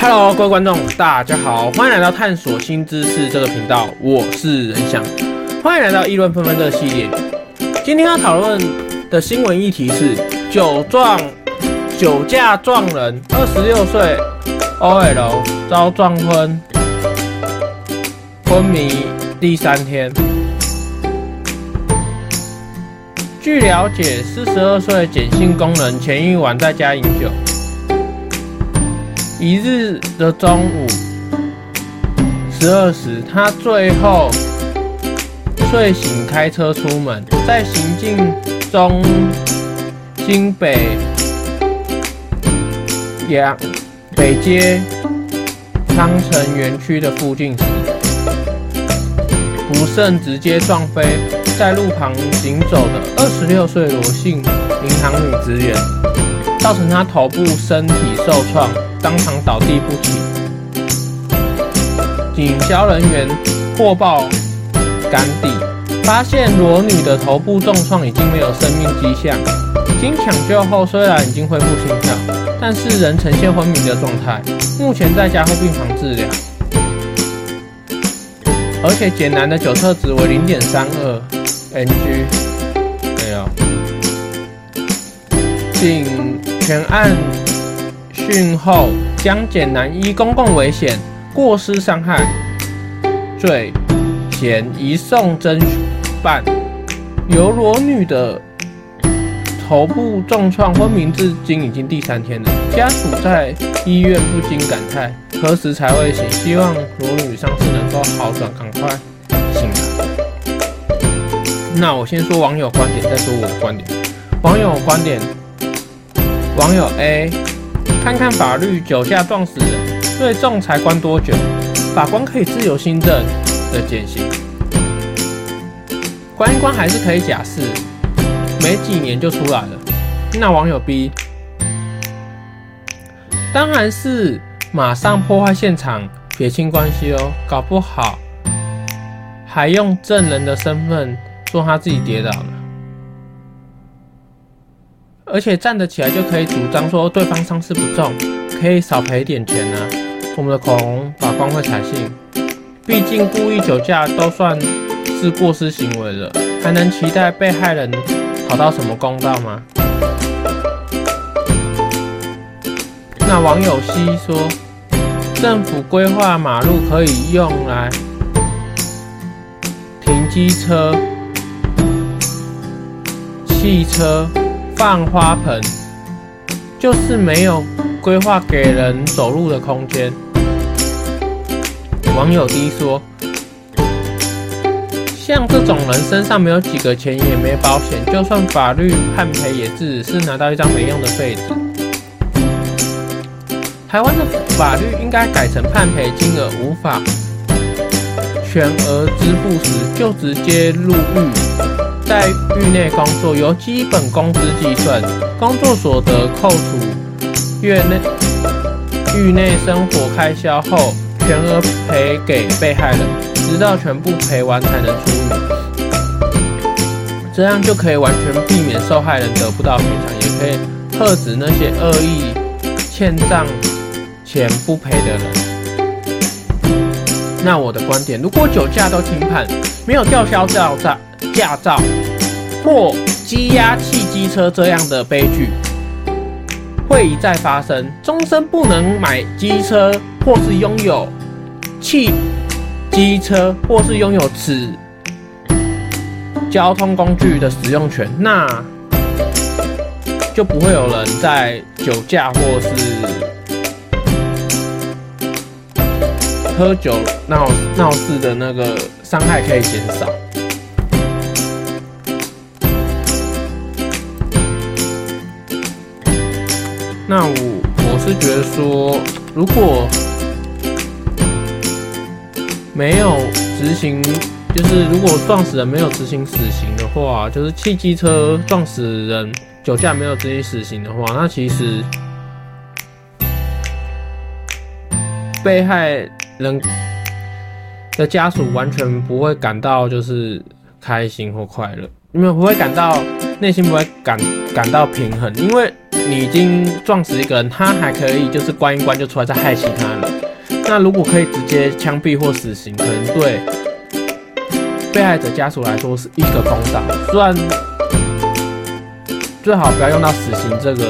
Hello，各位觀眾，大家好，歡迎來到探索新知識這個頻道，我是仁翔，歡迎來到議論紛紛的系列。今天要討論的新聞議題是酒撞、酒駕撞人，二十六歲 OL 遭撞昏，昏迷第三天，據了解，四十二歲簡姓工人前一晚在家飲酒。一日的中午十二時，他最後睡醒，開車出門，在行進中京北陽北街昌城園區的附近時，不慎直接撞飛在路旁行走的二十六歲羅姓銀行女職員。造成她頭部身體受創，當場倒地不起。警消人員獲報趕抵，發現裸女的頭部重創，已經沒有生命跡象。經搶救後，雖然已經恢復心跳，但是仍呈現昏迷的狀態，目前在加護病房治療。而且簡男的酒測值為零點三二，ng，沒有。全案訊後，將簡男依公共危險、過失傷害罪嫌移送偵辦。由羅女的頭部重創昏迷，至今已經第三天了。家屬在醫院不禁感嘆：何時才會醒？希望羅女傷勢能夠好轉，趕快醒來。那我先說網友觀點，再說我的觀點。網友觀點。網友 A，看看法律，酒駕撞死人最重才關多久？法官可以自由心證的減刑，關一關還是可以假釋，沒幾年就出來了。那網友 B，當然是馬上破壞現場，撇清關係哦，搞不好還用證人的身份說他自己跌倒了。而且站得起來就可以主張說對方傷勢不重，可以少賠點錢呢、啊。我們的恐龍把關會採信，畢竟故意酒駕都算是過失行為了，還能期待被害人討到什麼公道嗎？那網友希說，政府規劃馬路可以用來停機車、汽車。放花盆，就是沒有規劃給人走路的空間。網友 D 說，像這種人身上沒有幾個錢，也沒保險，就算法律判賠，也只是拿到一張沒用的廢紙。台灣的法律應該改成判賠金額無法全額支付時，就直接入獄。在獄內工作，由基本工資計算，工作所得扣除獄內獄內生活開銷後，全額賠給被害人，直到全部賠完才能出獄。這樣就可以完全避免受害人得不到賠償，也可以遏止那些惡意欠賬錢不賠的人。那我的觀點，如果酒駕都輕判，沒有吊銷駕照。駕照或積壓汽機車，這樣的悲劇會一再發生，終身不能買機車，或是擁有汽機車，或是擁有此交通工具的使用權，那就不會有人在酒駕或是喝酒鬧鬧事的那個傷害可以減少。那我我是覺得說，如果沒有執行，就是如果撞死人沒有執行死刑的話，就是汽機車撞死人、酒駕沒有執行死刑的話，那其實被害人的家屬完全不會感到就是開心或快樂，因為不會感到內心不會感感到平衡，因為。你已經撞死一個人，他還可以就是關一關就出來再害其他人。那如果可以直接槍斃或死刑，可能對被害者家屬來說是一個公道。雖然最好不要用到死刑這個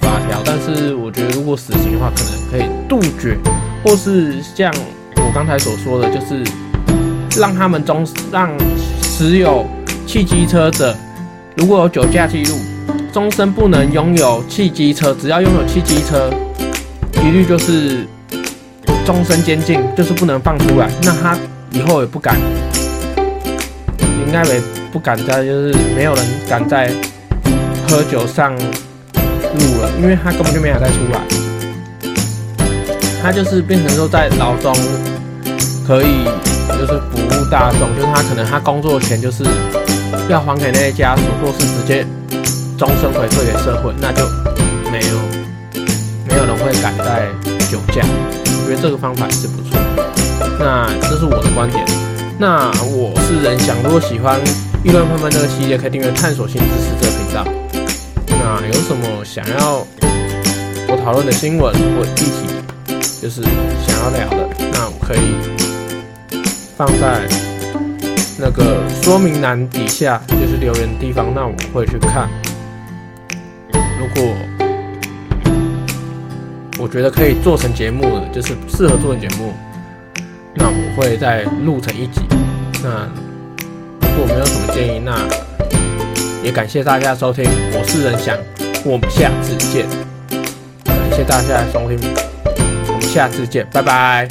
法條，但是我覺得如果死刑的話，可能可以杜絕，或是像我剛才所說的，就是讓他們中讓持有汽機車的，如果有酒駕記錄。終身不能擁有汽機車，只要擁有汽機車，一律就是終身監禁，就是不能放出來。那他以後也不敢，應該也不敢再，就是沒有人敢在喝酒上路了，因為他根本就沒有再出來。他就是變成說在牢中可以，就是服務大眾，就是他可能他工作的錢就是要還給那些家屬，或是直接。終身回饋給社會，那就沒有沒有人會敢再酒駕。我覺得這個方法也是不錯的。那這是我的觀點。那我是仁翔，如果喜歡議論紛紛這個系列，可以訂閱探索新知識這個頻道。那有什麼想要我討論的新聞或議題，就是想要聊的，那我可以放在那個說明欄底下，就是留言的地方，那我會去看。如果我覺得可以做成節目的，就是適合做成節目，那我會再錄成一集。那如果沒有什麼建議，那也感謝大家收聽。我是仁翔，我們下次見。感謝大家的收聽，我們下次見，拜拜。